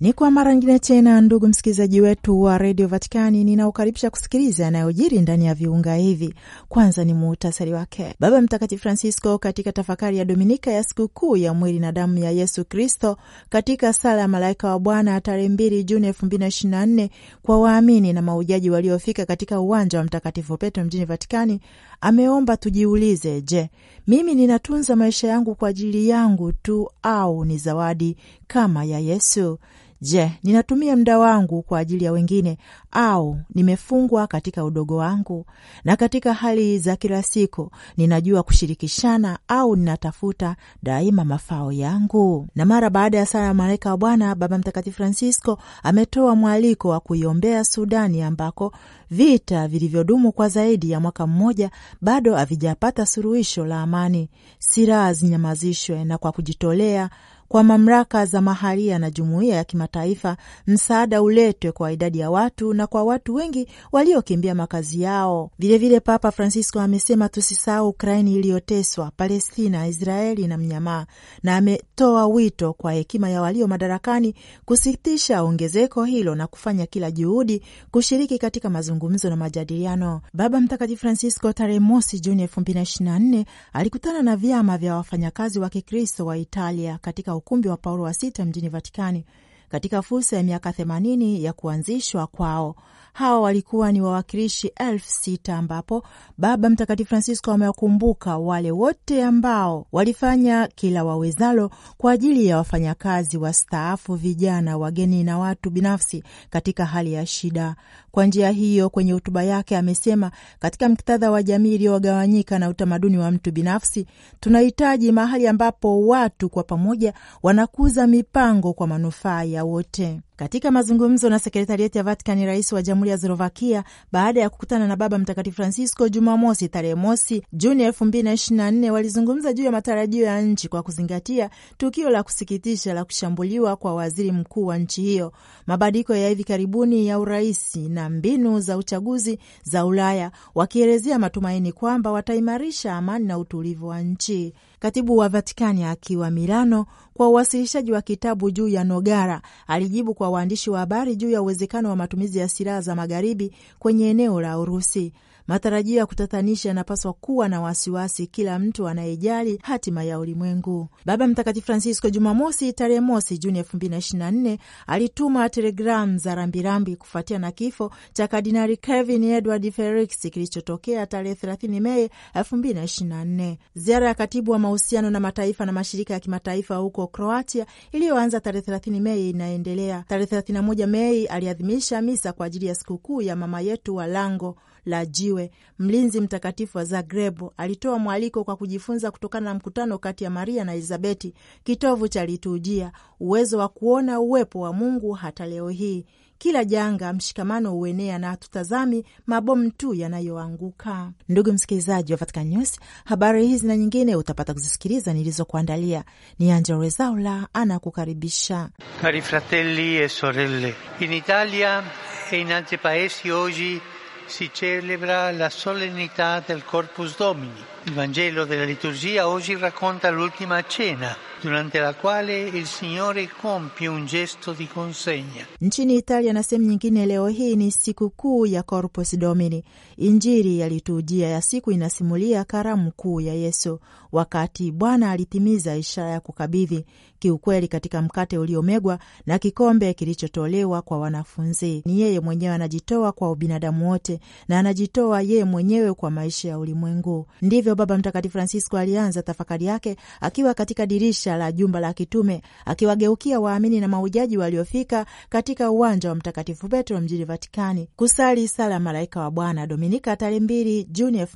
Ni kwa mara nyingine tena, ndugu msikilizaji wetu wa redio Vatikani, ninaokaribisha kusikiliza yanayojiri ndani ya viunga hivi. Kwanza ni muhtasari wake. Baba Mtakatifu Francisco, katika tafakari ya Dominika ya sikukuu ya mwili na damu ya Yesu Kristo, katika sala ya malaika wa Bwana tarehe 2 Juni 2024 kwa waamini na maujaji waliofika katika uwanja wa Mtakatifu Petro mjini Vatikani, ameomba tujiulize: je, mimi ninatunza maisha yangu kwa ajili yangu tu au ni zawadi kama ya Yesu? Je, ninatumia muda wangu kwa ajili ya wengine au nimefungwa katika udogo wangu? Na katika hali za kila siku ninajua kushirikishana au ninatafuta daima mafao yangu? Na mara baada ya sala ya malaika wa Bwana, Baba Mtakatifu Francisco ametoa mwaliko wa kuiombea Sudani ambako vita vilivyodumu kwa zaidi ya mwaka mmoja bado havijapata suluhisho la amani. Silaha zinyamazishwe na kwa kujitolea kwa mamlaka za mahalia na jumuiya ya kimataifa msaada uletwe kwa idadi ya watu na kwa watu wengi waliokimbia makazi yao. Vilevile vile Papa Francisco amesema tusisahau Ukraini iliyoteswa, Palestina, Israeli na mnyamaa, na ametoa wito kwa hekima ya walio madarakani kusitisha ongezeko hilo na kufanya kila juhudi kushiriki katika mazungumzo na majadiliano. Baba Mtakatifu Francisco tarehe mosi Juni elfu alikutana na vyama vya wafanyakazi wa Kikristo wa Italia katika ukumbi wa Paulo wa sita mjini Vatikani katika fursa ya miaka 80 ya kuanzishwa kwao. Hawa walikuwa ni wawakilishi elfu sita ambapo Baba Mtakatifu Francisco amewakumbuka wale wote ambao walifanya kila wawezalo kwa ajili ya wafanyakazi wastaafu, vijana, wageni na watu binafsi katika hali ya shida. Kwa njia hiyo, kwenye hotuba yake amesema, katika muktadha wa jamii iliyogawanyika na utamaduni wa mtu binafsi, tunahitaji mahali ambapo watu kwa pamoja wanakuza mipango kwa manufaa ya wote. Katika mazungumzo na sekretarieti ya Vatikani, rais wa jamhuri ya Slovakia baada ya kukutana na Baba Mtakatifu Francisco Jumamosi tarehe mosi Juni elfu mbili na ishirini na nne walizungumza juu ya matarajio ya nchi kwa kuzingatia tukio la kusikitisha la kushambuliwa kwa waziri mkuu wa nchi hiyo, mabadiliko ya hivi karibuni ya uraisi na mbinu za uchaguzi za Ulaya, wakielezea matumaini kwamba wataimarisha amani na utulivu wa nchi. Katibu wa Vatikani akiwa Milano kwa uwasilishaji wa kitabu juu ya Nogara alijibu kwa waandishi wa habari juu ya uwezekano wa matumizi ya silaha za magharibi kwenye eneo la Urusi. Matarajio ya kutatanisha yanapaswa kuwa na wasiwasi kila mtu anayejali hatima ya ulimwengu. Baba Mtakatifu Francisco Jumamosi tarehe mosi Juni elfu mbili na ishirini na nne alituma telegramu za rambirambi kufuatia na kifo cha Kardinali Kevin Edward Felix kilichotokea tarehe thelathini Mei elfu mbili na ishirini na nne. Ziara ya katibu wa mahusiano na mataifa na mashirika ya kimataifa huko Kroatia iliyoanza tarehe thelathini Mei inaendelea. Tarehe thelathini na moja Mei aliadhimisha misa kwa ajili ya sikukuu ya mama yetu wa lango la jiwe. Mlinzi mtakatifu wa Zagrebu alitoa mwaliko kwa kujifunza kutokana na mkutano kati ya Maria na Elizabeti, kitovu cha liturujia, uwezo wa kuona uwepo wa Mungu hata leo hii. Kila janga mshikamano huenea na hatutazami mabomu tu yanayoanguka. Ndugu msikilizaji wa Vatican News, habari hizi na nyingine utapata kuzisikiliza nilizokuandalia. Ni Angelo Rezaula anakukaribisha. Cari fratelli e sorelle in Italia e in altri paesi oggi si celebra la solennità del Corpus Domini. Il Vangelo della liturgia oggi racconta l'ultima cena durante la quale il Signore compie un gesto di consegna. Nchini Italia na sehemu nyingine, leo hii ni siku kuu ya Corpus Domini. Injili ya liturjia ya siku inasimulia karamu kuu ya Yesu wakati Bwana alitimiza ishara ya kukabidhi kiukweli katika mkate uliomegwa na kikombe kilichotolewa kwa wanafunzi. Ni yeye mwenyewe anajitoa kwa ubinadamu wote na anajitoa yeye mwenyewe kwa maisha ya ulimwengu. Ndivyo Hivyo Baba Mtakatifu Francisco alianza tafakari yake akiwa katika dirisha la jumba la kitume, akiwageukia waamini na maujaji waliofika katika uwanja wa Mtakatifu Petro mjini Vatikani kusali sala Malaika wa Bwana Dominika tarehe 2 Juni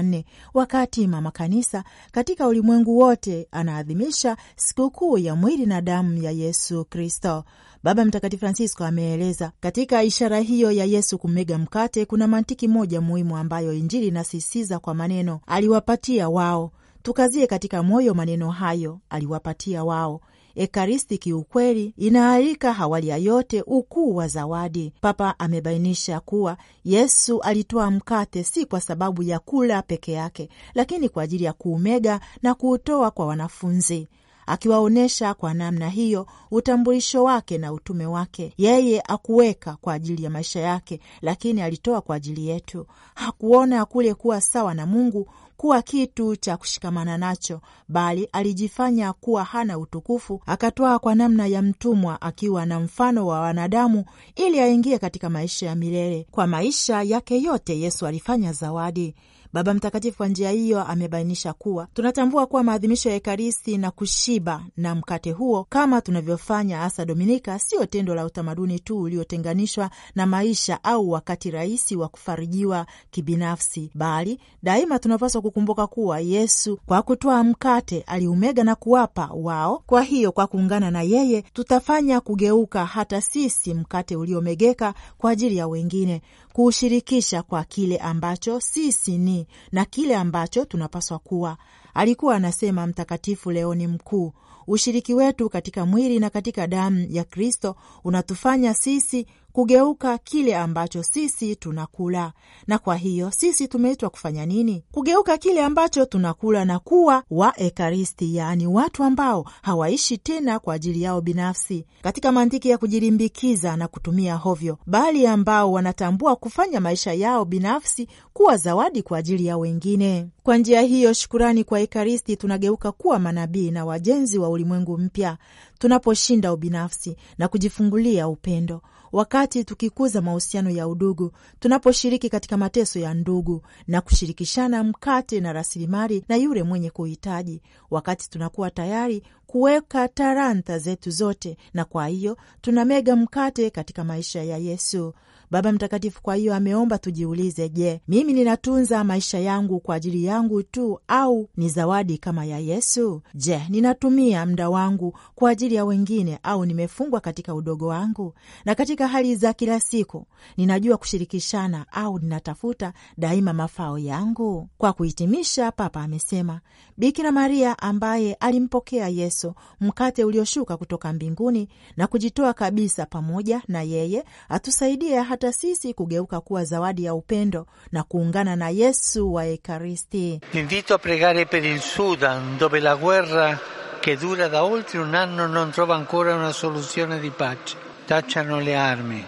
nne wakati Mama Kanisa katika ulimwengu wote anaadhimisha sikukuu ya mwili na damu ya Yesu Kristo. Baba Mtakatifu Francisco ameeleza katika ishara hiyo ya Yesu kumega mkate, kuna mantiki moja muhimu ambayo Injili inasisitiza kwa maneno aliwapatia wao. Tukazie katika moyo maneno hayo, aliwapatia wao. Ekaristi kiukweli inaalika hawali ya yote ukuu wa zawadi. Papa amebainisha kuwa Yesu alitoa mkate si kwa sababu ya kula peke yake, lakini kwa ajili ya kuumega na kuutoa kwa wanafunzi akiwaonyesha kwa namna hiyo utambulisho wake na utume wake. Yeye akuweka kwa ajili ya maisha yake, lakini alitoa kwa ajili yetu. Hakuona kule kuwa sawa na Mungu kuwa kitu cha kushikamana nacho, bali alijifanya kuwa hana utukufu, akatwaa kwa namna ya mtumwa, akiwa na mfano wa wanadamu, ili aingie katika maisha ya milele. Kwa maisha yake yote Yesu alifanya zawadi Baba Mtakatifu kwa njia hiyo amebainisha kuwa tunatambua kuwa maadhimisho ya Ekaristi na kushiba na mkate huo kama tunavyofanya hasa Dominika, sio tendo la utamaduni tu uliotenganishwa na maisha au wakati rahisi wa kufarijiwa kibinafsi, bali daima tunapaswa kukumbuka kuwa Yesu kwa kutoa mkate aliumega na kuwapa wao. Kwa hiyo kwa kuungana na yeye tutafanya kugeuka hata sisi mkate uliomegeka kwa ajili ya wengine, kuushirikisha kwa kile ambacho sisi ni na kile ambacho tunapaswa kuwa. Alikuwa anasema Mtakatifu Leoni Mkuu, ushiriki wetu katika mwili na katika damu ya Kristo unatufanya sisi kugeuka kile ambacho sisi tunakula. Na kwa hiyo sisi tumeitwa kufanya nini? Kugeuka kile ambacho tunakula na kuwa wa Ekaristi, yaani watu ambao hawaishi tena kwa ajili yao binafsi katika mantiki ya kujilimbikiza na kutumia hovyo, bali ambao wanatambua kufanya maisha yao binafsi kuwa zawadi kwa ajili ya wengine. Kwa njia hiyo, shukurani kwa Ekaristi, tunageuka kuwa manabii na wajenzi wa ulimwengu mpya tunaposhinda ubinafsi na kujifungulia upendo wakati tukikuza mahusiano ya udugu, tunaposhiriki katika mateso ya ndugu na kushirikishana mkate na rasilimali na yule mwenye kuhitaji, wakati tunakuwa tayari kuweka talanta zetu zote, na kwa hiyo tunamega mkate katika maisha ya Yesu. Baba Mtakatifu kwa hiyo ameomba tujiulize, je, mimi ninatunza maisha yangu kwa ajili yangu tu au ni zawadi kama ya Yesu? Je, ninatumia muda wangu kwa ajili ya wengine au nimefungwa katika udogo wangu? Na katika hali za kila siku ninajua kushirikishana au ninatafuta daima mafao yangu? Kwa kuhitimisha, Papa amesema Bikira Maria ambaye alimpokea Yesu, mkate ulioshuka kutoka mbinguni na kujitoa kabisa pamoja na yeye, atusaidie hata sisi kugeuka kuwa zawadi ya upendo na kuungana na Yesu wa Ekaristi. Invito a pregare per il Sudan dove la guerra che dura da oltre un anno non trova ancora una soluzione di pace. Tacciano le armi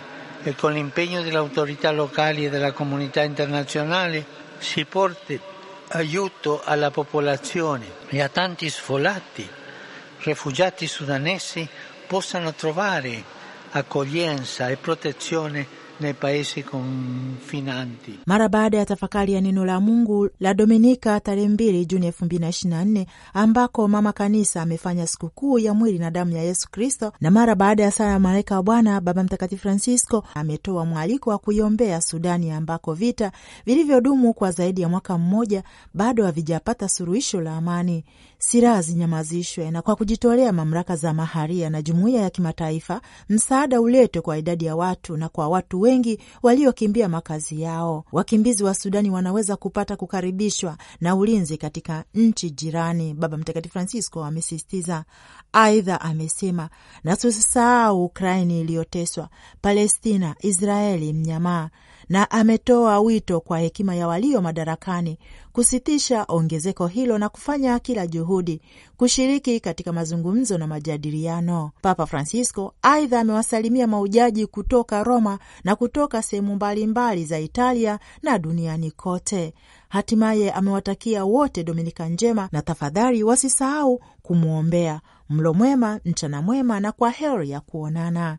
e con l'impegno delle autorità locali e della comunità internazionale si porti aiuto alla popolazione e a tanti sfollati, rifugiati sudanesi possano trovare accoglienza e protezione nei paesi confinanti. Mara baada ya tafakari ya neno la Mungu la Dominika tarehe mbili Juni nne ambako mama kanisa amefanya sikukuu ya mwili na damu ya Yesu Kristo, na mara baada ya sala ya malaika wa Bwana, Baba Mtakatifu Francisco ametoa mwaliko wa kuiombea Sudani ambako vita vilivyodumu kwa zaidi ya mwaka mmoja bado havijapata suluhisho la amani silaha zinyamazishwe, na kwa kujitolea mamlaka za maharia na jumuiya ya kimataifa, msaada uletwe kwa idadi ya watu na kwa watu wengi waliokimbia makazi yao. Wakimbizi wa Sudani wanaweza kupata kukaribishwa na ulinzi katika nchi jirani, Baba Mtakatifu Francisco amesisitiza. Aidha amesema, na tusisahau Ukraini iliyoteswa, Palestina, Israeli mnyamaa na ametoa wito kwa hekima ya walio madarakani kusitisha ongezeko hilo na kufanya kila juhudi kushiriki katika mazungumzo na majadiliano. Papa Francisco aidha amewasalimia maujaji kutoka Roma na kutoka sehemu mbalimbali za Italia na duniani kote. Hatimaye amewatakia wote Dominika njema na tafadhali wasisahau kumwombea mlo mwema, mchana mwema na kwa heri ya kuonana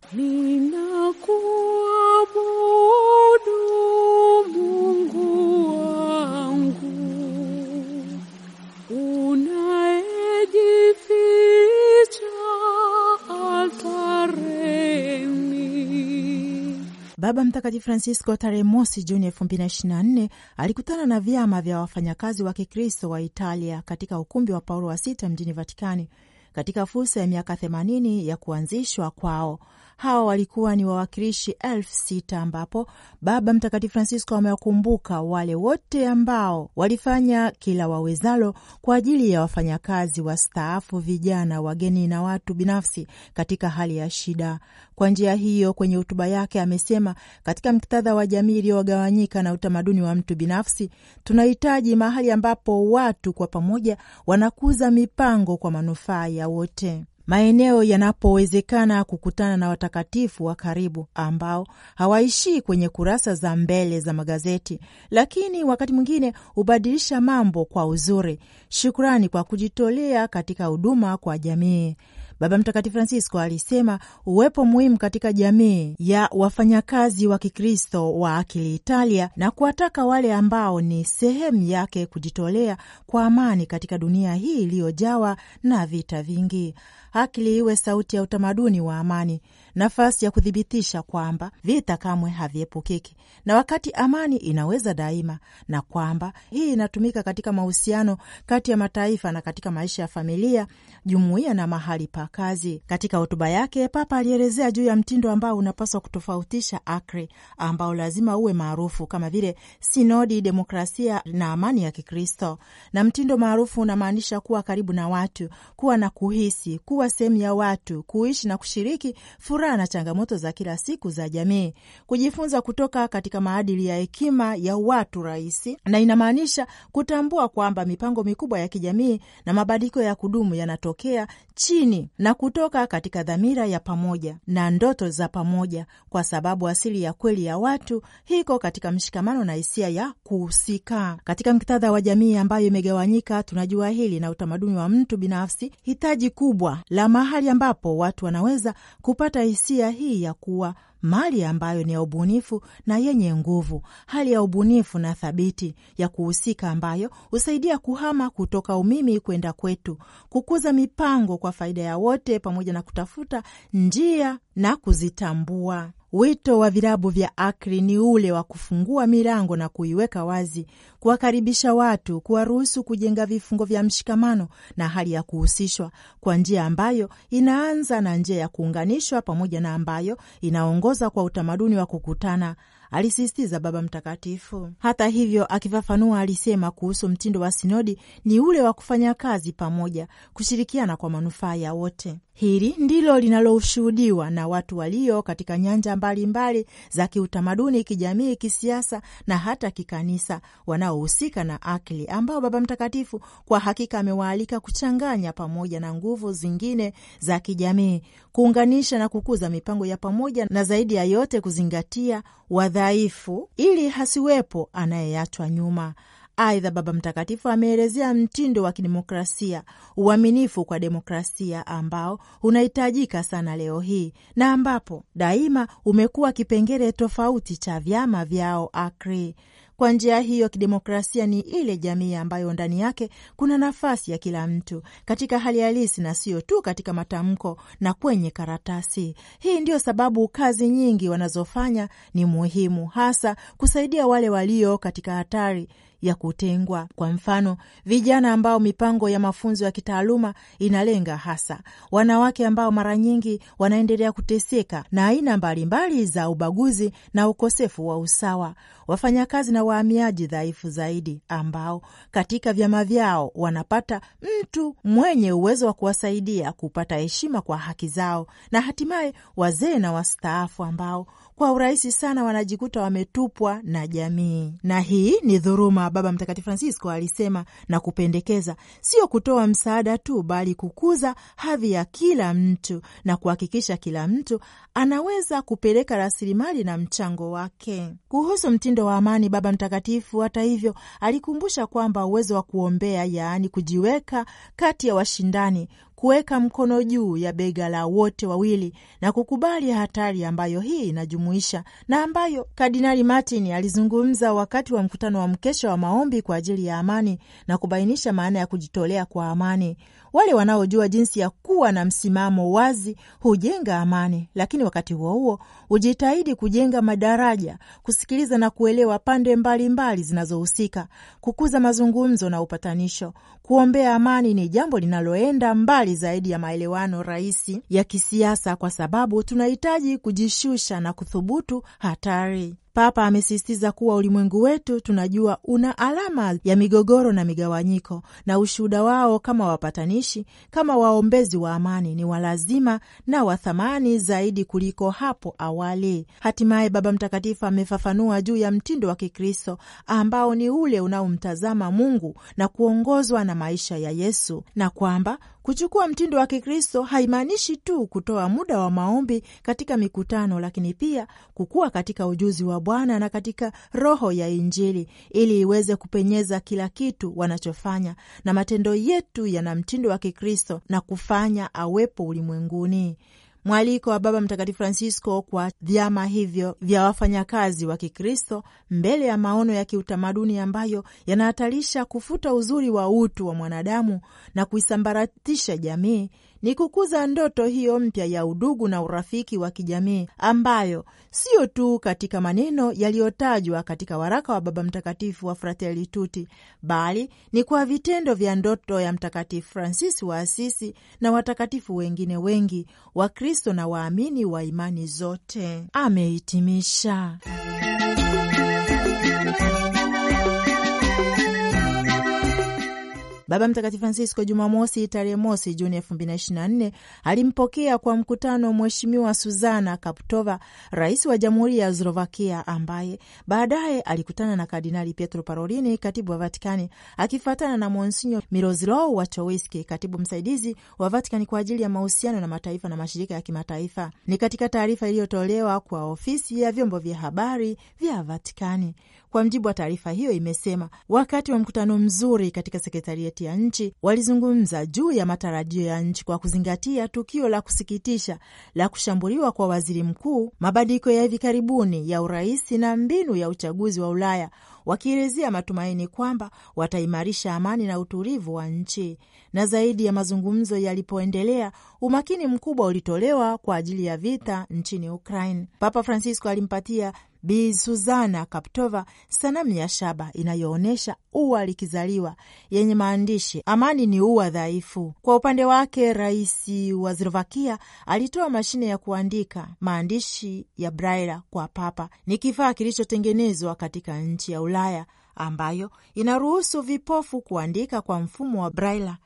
Baba Mtakatifu Francisco tarehe mosi Juni elfu mbili na ishirini na nne alikutana na vyama vya wafanyakazi wa Kikristo wa Italia katika ukumbi wa Paulo wa sita mjini Vatikani katika fursa ya miaka themanini ya kuanzishwa kwao Hawa walikuwa ni wawakilishi elfu sita ambapo Baba Mtakatifu Francisco amewakumbuka wale wote ambao walifanya kila wawezalo kwa ajili ya wafanyakazi wastaafu, vijana, wageni na watu binafsi katika hali ya shida. Kwa njia hiyo, kwenye hotuba yake amesema, katika muktadha wa jamii iliyogawanyika na utamaduni wa mtu binafsi, tunahitaji mahali ambapo watu kwa pamoja wanakuza mipango kwa manufaa ya wote maeneo yanapowezekana kukutana na watakatifu wa karibu ambao hawaishii kwenye kurasa za mbele za magazeti, lakini wakati mwingine hubadilisha mambo kwa uzuri. Shukrani kwa kujitolea katika huduma kwa jamii. Baba Mtakatifu Francisco alisema uwepo muhimu katika jamii ya wafanyakazi wa Kikristo wa akili Italia na kuwataka wale ambao ni sehemu yake kujitolea kwa amani katika dunia hii iliyojawa na vita vingi akili iwe sauti ya utamaduni wa amani, nafasi ya kuthibitisha kwamba vita kamwe haviepukiki na wakati amani inaweza daima, na kwamba hii inatumika katika mahusiano kati ya mataifa na katika maisha ya familia, jumuiya na mahali pa kazi. Katika hotuba yake, Papa alielezea juu ya mtindo ambao unapaswa kutofautisha ACRI ambao lazima uwe maarufu kama vile sinodi, demokrasia na amani ya Kikristo, na mtindo maarufu unamaanisha kuwa karibu na watu, kuwa na kuhisi, kuwa kuwa sehemu ya watu, kuishi na kushiriki furaha na changamoto za kila siku za jamii, kujifunza kutoka katika maadili ya hekima ya watu rahisi, na inamaanisha kutambua kwamba mipango mikubwa ya kijamii na mabadiliko ya kudumu yanatokea chini na kutoka katika dhamira ya pamoja na ndoto za pamoja, kwa sababu asili ya kweli ya watu hiko katika mshikamano na hisia ya kuhusika. Katika muktadha wa jamii ambayo imegawanyika, tunajua hili na utamaduni wa mtu binafsi, hitaji kubwa la mahali ambapo watu wanaweza kupata hisia hii ya kuwa mali ambayo ni ya ubunifu na yenye nguvu, hali ya ubunifu na thabiti ya kuhusika ambayo husaidia kuhama kutoka umimi kwenda kwetu, kukuza mipango kwa faida ya wote, pamoja na kutafuta njia na kuzitambua. Wito wa vilabu vya Akri ni ule wa kufungua milango na kuiweka wazi, kuwakaribisha watu, kuwaruhusu kujenga vifungo vya mshikamano na hali ya kuhusishwa kwa njia ambayo inaanza na njia ya kuunganishwa pamoja na ambayo inaongoza kwa utamaduni wa kukutana alisisitiza Baba Mtakatifu. Hata hivyo, akifafanua, alisema kuhusu mtindo wa sinodi ni ule wa kufanya kazi pamoja, kushirikiana kwa manufaa ya wote. Hili ndilo linaloshuhudiwa na watu walio katika nyanja mbalimbali mbali za kiutamaduni, kijamii, kisiasa na hata kikanisa, wanaohusika na akili, ambao Baba Mtakatifu kwa hakika amewaalika kuchanganya pamoja na nguvu zingine za kijamii, kuunganisha na kukuza mipango ya pamoja, na zaidi ya yote kuzingatia wadha dhaifu ili hasiwepo anayeyachwa nyuma. Aidha, Baba Mtakatifu ameelezea mtindo wa kidemokrasia, uaminifu kwa demokrasia ambao unahitajika sana leo hii na ambapo daima umekuwa kipengele tofauti cha vyama vyao akri kwa njia hiyo, kidemokrasia ni ile jamii ambayo ndani yake kuna nafasi ya kila mtu katika hali halisi na sio tu katika matamko na kwenye karatasi. Hii ndiyo sababu kazi nyingi wanazofanya ni muhimu, hasa kusaidia wale walio katika hatari ya kutengwa. Kwa mfano, vijana ambao mipango ya mafunzo ya kitaaluma inalenga hasa, wanawake ambao mara nyingi wanaendelea kuteseka na aina mbalimbali za ubaguzi na ukosefu wa usawa, wafanyakazi na wahamiaji dhaifu zaidi, ambao katika vyama vyao wanapata mtu mwenye uwezo wa kuwasaidia kupata heshima kwa haki zao, na hatimaye wazee na wastaafu ambao kwa urahisi sana wanajikuta wametupwa na jamii, na hii ni dhuruma Baba Mtakatifu Francisco alisema na kupendekeza sio kutoa msaada tu, bali kukuza hadhi ya kila mtu na kuhakikisha kila mtu anaweza kupeleka rasilimali na mchango wake. Kuhusu mtindo wa amani, Baba Mtakatifu hata hivyo alikumbusha kwamba uwezo wa kuombea, yaani kujiweka kati ya washindani kuweka mkono juu ya bega la wote wawili na kukubali hatari ambayo hii inajumuisha na ambayo Kardinali Martin alizungumza wakati wa mkutano wa mkesha wa maombi kwa ajili ya amani na kubainisha maana ya kujitolea kwa amani. Wale wanaojua jinsi ya kuwa na msimamo wazi hujenga amani, lakini wakati huo huo hujitahidi kujenga madaraja, kusikiliza na kuelewa pande mbalimbali zinazohusika, kukuza mazungumzo na upatanisho. Kuombea amani ni jambo linaloenda mbali zaidi ya maelewano rahisi ya kisiasa, kwa sababu tunahitaji kujishusha na kuthubutu hatari. Papa amesisitiza kuwa ulimwengu wetu tunajua una alama ya migogoro na migawanyiko, na ushuhuda wao kama wapatanishi, kama waombezi wa amani ni walazima na wathamani zaidi kuliko hapo awali. Hatimaye Baba Mtakatifu amefafanua juu ya mtindo wa Kikristo ambao ni ule unaomtazama Mungu na kuongozwa na maisha ya Yesu, na kwamba Kuchukua mtindo wa Kikristo haimaanishi tu kutoa muda wa maombi katika mikutano, lakini pia kukua katika ujuzi wa Bwana na katika roho ya Injili ili iweze kupenyeza kila kitu wanachofanya, na matendo yetu yana mtindo wa Kikristo na kufanya awepo ulimwenguni. Mwaliko wa Baba Mtakatifu Francisco kwa vyama hivyo vya wafanyakazi wa Kikristo mbele ya maono ya kiutamaduni ambayo yanahatarisha kufuta uzuri wa utu wa mwanadamu na kuisambaratisha jamii ni kukuza ndoto hiyo mpya ya udugu na urafiki wa kijamii ambayo sio tu katika maneno yaliyotajwa katika waraka wa Baba Mtakatifu wa Fratelli Tutti, bali ni kwa vitendo vya ndoto ya Mtakatifu Fransisi wa Asisi na watakatifu wengine wengi wa Kristo na waamini wa imani zote. Amehitimisha. Baba Mtakatifu Francisco Jumamosi tarehe mosi Juni elfu mbili na ishirini na nne alimpokea kwa mkutano Mheshimiwa Suzana Kaptova, rais wa Jamhuri ya Slovakia, ambaye baadaye alikutana na Kardinali Pietro Parolini, katibu wa Vatikani, akifuatana na Monsinyo Miroslaw Wachowiski, katibu msaidizi wa Vatikani kwa ajili ya mahusiano na mataifa na mashirika ya kimataifa. Ni katika taarifa iliyotolewa kwa ofisi ya vyombo vya habari vya Vatikani. Kwa mjibu wa taarifa hiyo, imesema wakati wa mkutano mzuri katika sekretarieti kati ya nchi walizungumza juu ya matarajio ya nchi kwa kuzingatia tukio la kusikitisha la kushambuliwa kwa waziri mkuu, mabadiliko ya hivi karibuni ya urais na mbinu ya uchaguzi wa Ulaya, wakielezea matumaini kwamba wataimarisha amani na utulivu wa nchi. Na zaidi ya mazungumzo yalipoendelea, umakini mkubwa ulitolewa kwa ajili ya vita nchini Ukraine. Papa Francisco alimpatia Bi Suzana Kaptova sanamu ya shaba inayoonyesha ua likizaliwa yenye maandishi amani ni ua dhaifu. Kwa upande wake, rais wa Slovakia alitoa mashine ya kuandika maandishi ya Braila kwa Papa. Ni kifaa kilichotengenezwa katika nchi ya Ulaya ambayo inaruhusu vipofu kuandika kwa mfumo wa Braila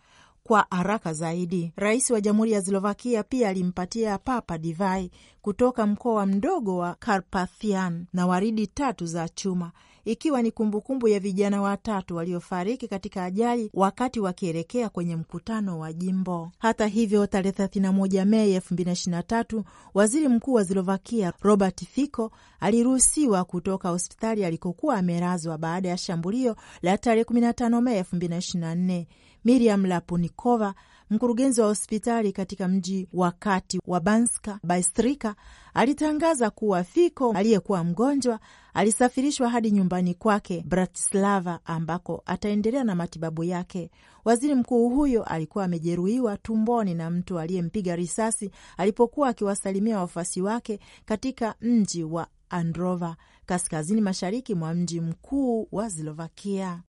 kwa haraka zaidi. Rais wa Jamhuri ya Slovakia pia alimpatia Papa divai kutoka mkoa mdogo wa Carpathian na waridi tatu za chuma ikiwa ni kumbukumbu ya vijana watatu waliofariki katika ajali wakati wakielekea kwenye mkutano wa jimbo. Hata hivyo, tarehe 31 Mei 2023 waziri mkuu wa Slovakia Robert Fico aliruhusiwa kutoka hospitali alikokuwa amelazwa baada ya shambulio la tarehe 15 Mei 2024. Miriam lapunikova mkurugenzi wa hospitali katika mji wa kati wa Banska Bystrika, alitangaza kuwa Fiko aliyekuwa mgonjwa alisafirishwa hadi nyumbani kwake Bratislava, ambako ataendelea na matibabu yake. Waziri mkuu huyo alikuwa amejeruhiwa tumboni na mtu aliyempiga risasi alipokuwa akiwasalimia wafuasi wake katika mji wa Androva, kaskazini mashariki mwa mji mkuu wa Slovakia.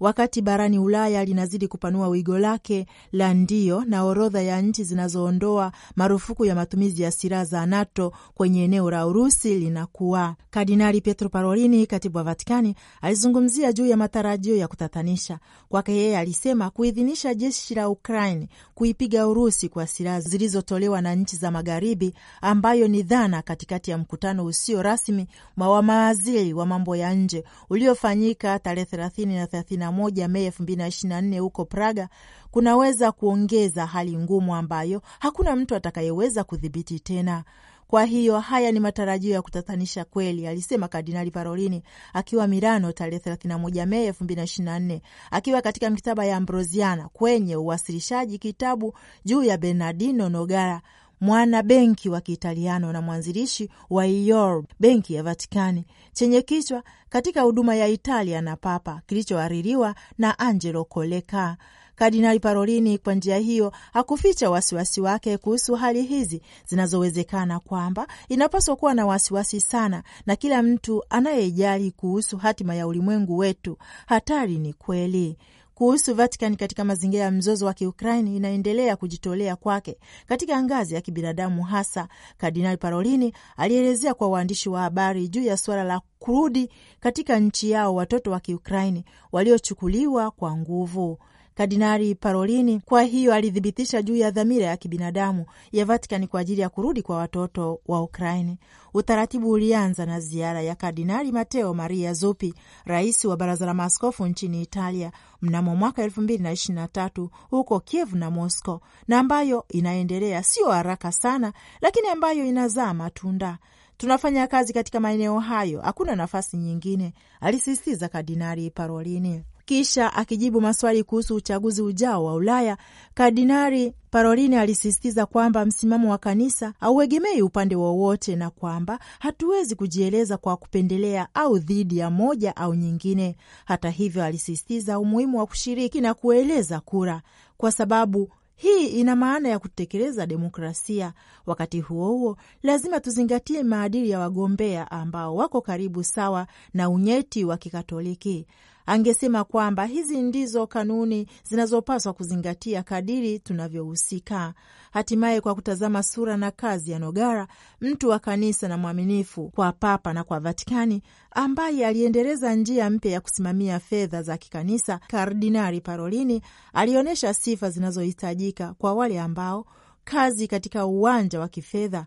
Wakati barani Ulaya linazidi kupanua wigo lake la ndio na orodha ya nchi zinazoondoa marufuku ya matumizi ya silaha za NATO kwenye eneo la Urusi linakuwa. Kardinali Pietro Parolini, katibu wa Vatikani, alizungumzia juu ya matarajio ya kutatanisha. Kwake yeye, alisema kuidhinisha jeshi la Ukraine kuipiga Urusi kwa silaha zilizotolewa na nchi za Magharibi, ambayo ni dhana katikati ya mkutano usio rasmi wa mawaziri wa mambo ya nje uliofanyika tarehe 3 na 31 Mei 2024 huko Praga kunaweza kuongeza hali ngumu ambayo hakuna mtu atakayeweza kudhibiti tena. Kwa hiyo haya ni matarajio ya kutatanisha kweli, alisema Kardinali Parolini akiwa Milano tarehe 31 Mei 2024, akiwa katika maktaba ya Ambrosiana kwenye uwasilishaji kitabu juu ya Bernardino Nogara, mwana benki wa Kiitaliano na mwanzilishi wa ior benki ya Vatikani, chenye kichwa katika huduma ya Italia na Papa, kilichohaririwa na Angelo Koleka. Kardinali Parolini kwa njia hiyo hakuficha wasiwasi wake kuhusu hali hizi zinazowezekana, kwamba inapaswa kuwa na wasiwasi sana na kila mtu anayejali kuhusu hatima ya ulimwengu wetu. Hatari ni kweli kuhusu Vatican katika mazingira ya mzozo wa Kiukraini inaendelea kujitolea kwake katika ngazi ya kibinadamu, hasa Kardinali Parolini alielezea kwa waandishi wa habari juu ya suala la kurudi katika nchi yao watoto wa Kiukraini waliochukuliwa kwa nguvu. Kardinali Parolini kwa hiyo alithibitisha juu ya dhamira ya kibinadamu ya Vatikani kwa ajili ya kurudi kwa watoto wa Ukraini. Utaratibu ulianza na ziara ya Kardinali Mateo Maria Zuppi, rais wa baraza la maaskofu nchini Italia mnamo mwaka elfu mbili na ishirini na tatu huko Kiev na Moscow, na ambayo inaendelea sio haraka sana, lakini ambayo inazaa matunda. Tunafanya kazi katika maeneo hayo, hakuna nafasi nyingine, alisisitiza Kardinali Parolini. Kisha akijibu maswali kuhusu uchaguzi ujao wa Ulaya, Kardinari parolini alisisitiza kwamba msimamo wa kanisa hauegemei upande wowote na kwamba hatuwezi kujieleza kwa kupendelea au dhidi ya moja au nyingine. Hata hivyo, alisisitiza umuhimu wa kushiriki na kueleza kura kwa sababu hii ina maana ya kutekeleza demokrasia. Wakati huo huo, lazima tuzingatie maadili ya wagombea ambao wako karibu sawa na unyeti wa Kikatoliki. Angesema kwamba hizi ndizo kanuni zinazopaswa kuzingatia kadiri tunavyohusika. Hatimaye, kwa kutazama sura na kazi ya Nogara, mtu wa kanisa na mwaminifu kwa Papa na kwa Vatikani, ambaye aliendeleza njia mpya ya kusimamia fedha za kikanisa, kardinari Parolini alionyesha sifa zinazohitajika kwa wale ambao kazi katika uwanja wa kifedha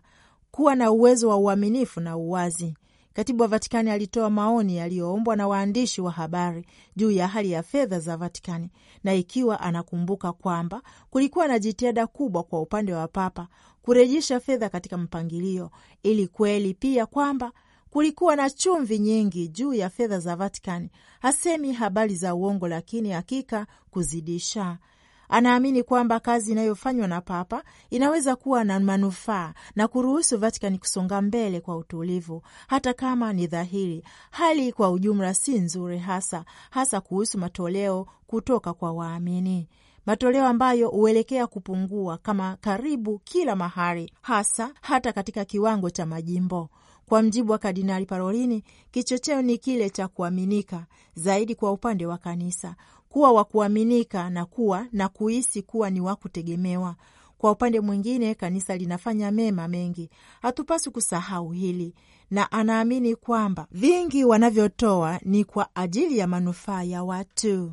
kuwa na uwezo wa uaminifu na uwazi Katibu wa Vatikani alitoa maoni yaliyoombwa na waandishi wa habari juu ya hali ya fedha za Vatikani, na ikiwa anakumbuka kwamba kulikuwa na jitihada kubwa kwa upande wa Papa kurejesha fedha katika mpangilio, ili kweli pia kwamba kulikuwa na chumvi nyingi juu ya fedha za Vatikani. Hasemi habari za uongo, lakini hakika kuzidisha Anaamini kwamba kazi inayofanywa na Papa inaweza kuwa na manufaa na kuruhusu Vatikani kusonga mbele kwa utulivu, hata kama ni dhahiri hali kwa ujumla si nzuri, hasa hasa kuhusu matoleo kutoka kwa waamini matoleo ambayo huelekea kupungua kama karibu kila mahali, hasa hata katika kiwango cha majimbo. Kwa mjibu wa Kardinali Parolini, kichocheo ni kile cha kuaminika zaidi kwa upande wa kanisa, kuwa wa kuaminika na kuwa na kuhisi kuwa ni wa kutegemewa. Kwa upande mwingine, kanisa linafanya mema mengi, hatupaswi kusahau hili, na anaamini kwamba vingi wanavyotoa ni kwa ajili ya manufaa ya watu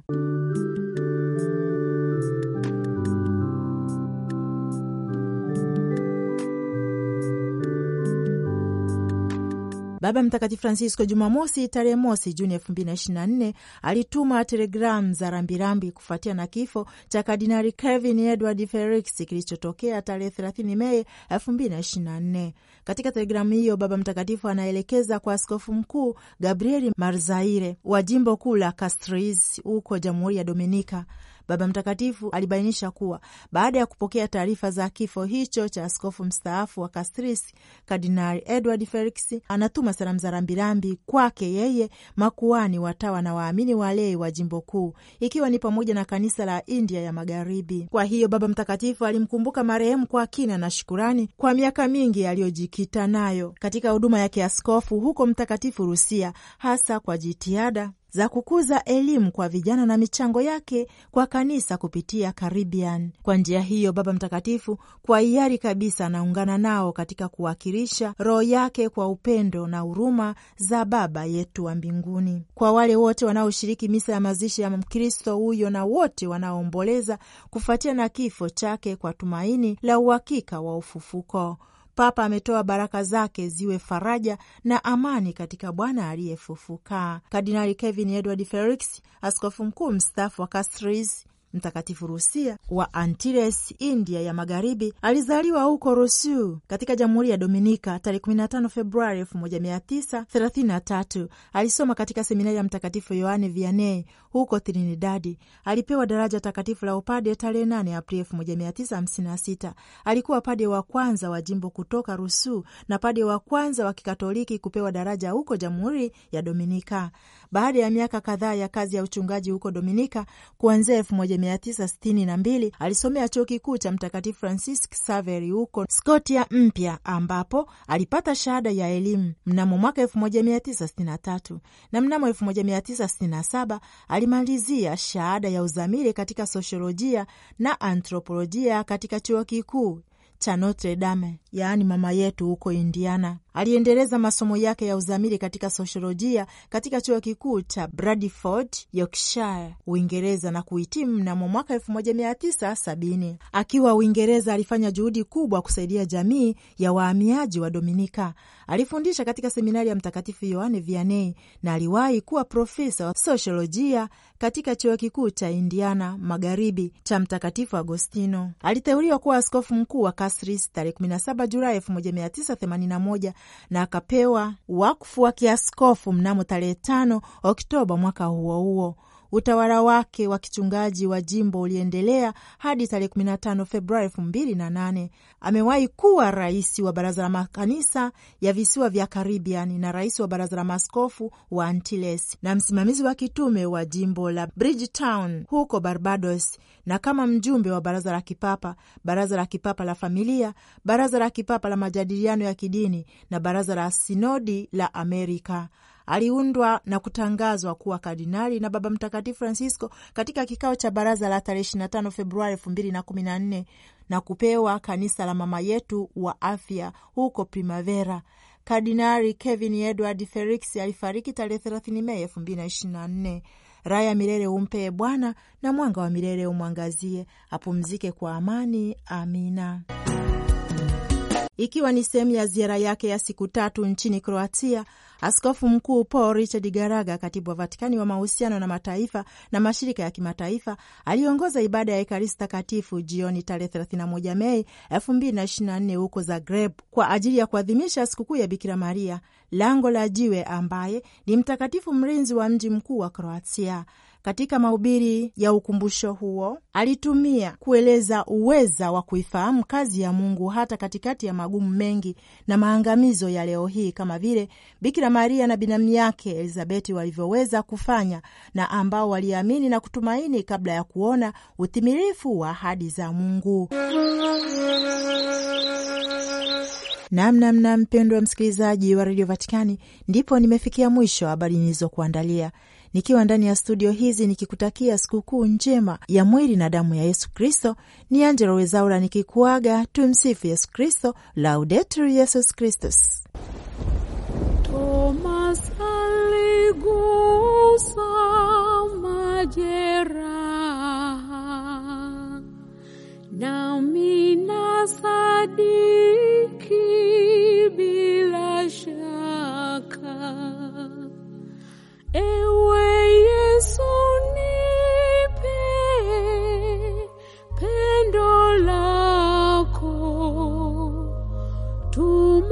Baba Mtakatifu Francisco Jumamosi tarehe mosi Juni elfu mbili na ishirini na nne alituma telegramu za rambirambi kufuatia na kifo cha Kardinali Kevin Edward Felix kilichotokea tarehe thelathini Mei elfu mbili na ishirini na nne. Katika telegramu hiyo, Baba Mtakatifu anaelekeza kwa Askofu Mkuu Gabrieli Marzaire wa jimbo kuu la castris huko Jamhuri ya Dominika Baba Mtakatifu alibainisha kuwa baada ya kupokea taarifa za kifo hicho cha askofu mstaafu wa kastrisi Kardinali Edward Felix, anatuma salamu za rambirambi kwake yeye, makuani, watawa na waamini walei wa jimbo kuu, ikiwa ni pamoja na kanisa la India ya Magharibi. Kwa hiyo Baba Mtakatifu alimkumbuka marehemu kwa kina na shukurani kwa miaka mingi aliyojikita nayo katika huduma ya kiaskofu huko Mtakatifu Rusia, hasa kwa jitihada za kukuza elimu kwa vijana na michango yake kwa kanisa kupitia Caribbean. Kwa njia hiyo, Baba Mtakatifu kwa hiari kabisa anaungana nao katika kuwakilisha roho yake kwa upendo na huruma za Baba yetu wa mbinguni. Kwa wale wote wanaoshiriki misa ya mazishi ya Mkristo huyo na wote wanaoomboleza kufuatia na kifo chake kwa tumaini la uhakika wa ufufuko Papa ametoa baraka zake ziwe faraja na amani katika Bwana aliyefufuka. Kardinali Kevin Edward Felix, askofu mkuu mstaafu wa Castries Mtakatifu Rusia wa Antilles, India ya Magharibi, alizaliwa huko Rusiu katika Jamhuri ya Dominika tarehe 15 Februari 1933. Alisoma katika seminari ya Mtakatifu Yohane Vianney huko Trinidadi. Alipewa daraja takatifu la upade tarehe 8 Aprili 1956. Alikuwa pade wa kwanza wa jimbo kutoka Rusu na pade wa kwanza wa kikatoliki kupewa daraja huko Jamhuri ya Dominika. Baada ya miaka kadhaa ya kazi ya uchungaji huko Dominika, kuanzia 1962 alisomea chuo kikuu cha Mtakatifu Francis Xavier huko Scotia Mpya, ambapo alipata shahada ya elimu mnamo mwaka 1963 na mnamo 1967 alimalizia shahada ya uzamili katika sosiolojia na anthropolojia katika chuo kikuu cha Notre Dame, yaani mama yetu, huko Indiana. Aliendeleza masomo yake ya uzamili katika sosiolojia katika chuo kikuu cha Bradford, Yorkshire, Uingereza, na kuhitimu mnamo mwaka 1970. Akiwa Uingereza, alifanya juhudi kubwa kusaidia jamii ya wahamiaji wa Dominika. Alifundisha katika seminari ya Mtakatifu Yohane Vianney na aliwahi kuwa profesa wa sosiolojia katika chuo kikuu cha Indiana Magharibi cha Mtakatifu Agostino. Aliteuliwa kuwa askofu mkuu wa Kasris tarehe 17 Julai 1981 na akapewa wakfu wa kiaskofu mnamo tarehe 5 Oktoba mwaka huo huo. Utawala wake wa kichungaji wa jimbo uliendelea hadi tarehe 15 Februari 2008. Amewahi kuwa rais wa baraza la makanisa ya visiwa vya Caribbean na rais wa baraza la maskofu wa Antilles na msimamizi wa kitume wa jimbo la Bridgetown huko Barbados, na kama mjumbe wa baraza la kipapa, baraza la kipapa la familia, baraza la kipapa la majadiliano ya kidini na baraza la sinodi la Amerika aliundwa na kutangazwa kuwa kardinali na Baba Mtakatifu Francisco katika kikao cha baraza la tarehe 25 Februari 2014 na kupewa kanisa la mama yetu wa afya huko Primavera. Kardinali Kevin Edward Felix alifariki tarehe 30 Mei 2024. Raya milele umpee Bwana, na mwanga wa milele umwangazie. Apumzike kwa amani. Amina ikiwa ni sehemu ya ziara yake ya siku tatu nchini Kroatia. Askofu Mkuu Paul Richard Garaga, katibu wa Vatikani wa mahusiano na mataifa na mashirika ya kimataifa, aliongoza ibada ya Ekaristi Takatifu jioni tarehe 31 Mei 2024 huko Zagreb kwa ajili ya kuadhimisha sikukuu ya Bikira Maria lango la jiwe, ambaye ni mtakatifu mlinzi wa mji mkuu wa Kroatia. Katika mahubiri ya ukumbusho huo, alitumia kueleza uweza wa kuifahamu kazi ya Mungu hata katikati ya magumu mengi na maangamizo ya leo hii, kama vile Bikira Maria na binamu yake Elizabeti walivyoweza kufanya na ambao waliamini na kutumaini kabla ya kuona utimilifu wa ahadi za Mungu. Namnamna mpendwa msikilizaji wa redio Vatikani, ndipo nimefikia mwisho habari nilizokuandalia nikiwa ndani ya studio hizi nikikutakia sikukuu njema ya mwili na damu ya Yesu Kristo. Ni Angela Wezaura nikikuaga. Tumsifu Yesu Kristo, Laudetur Yesus Kristus. Tomas aligusa majeraha nami nasadiki bila shaka, ewe Yesu, nipe pendo lako tu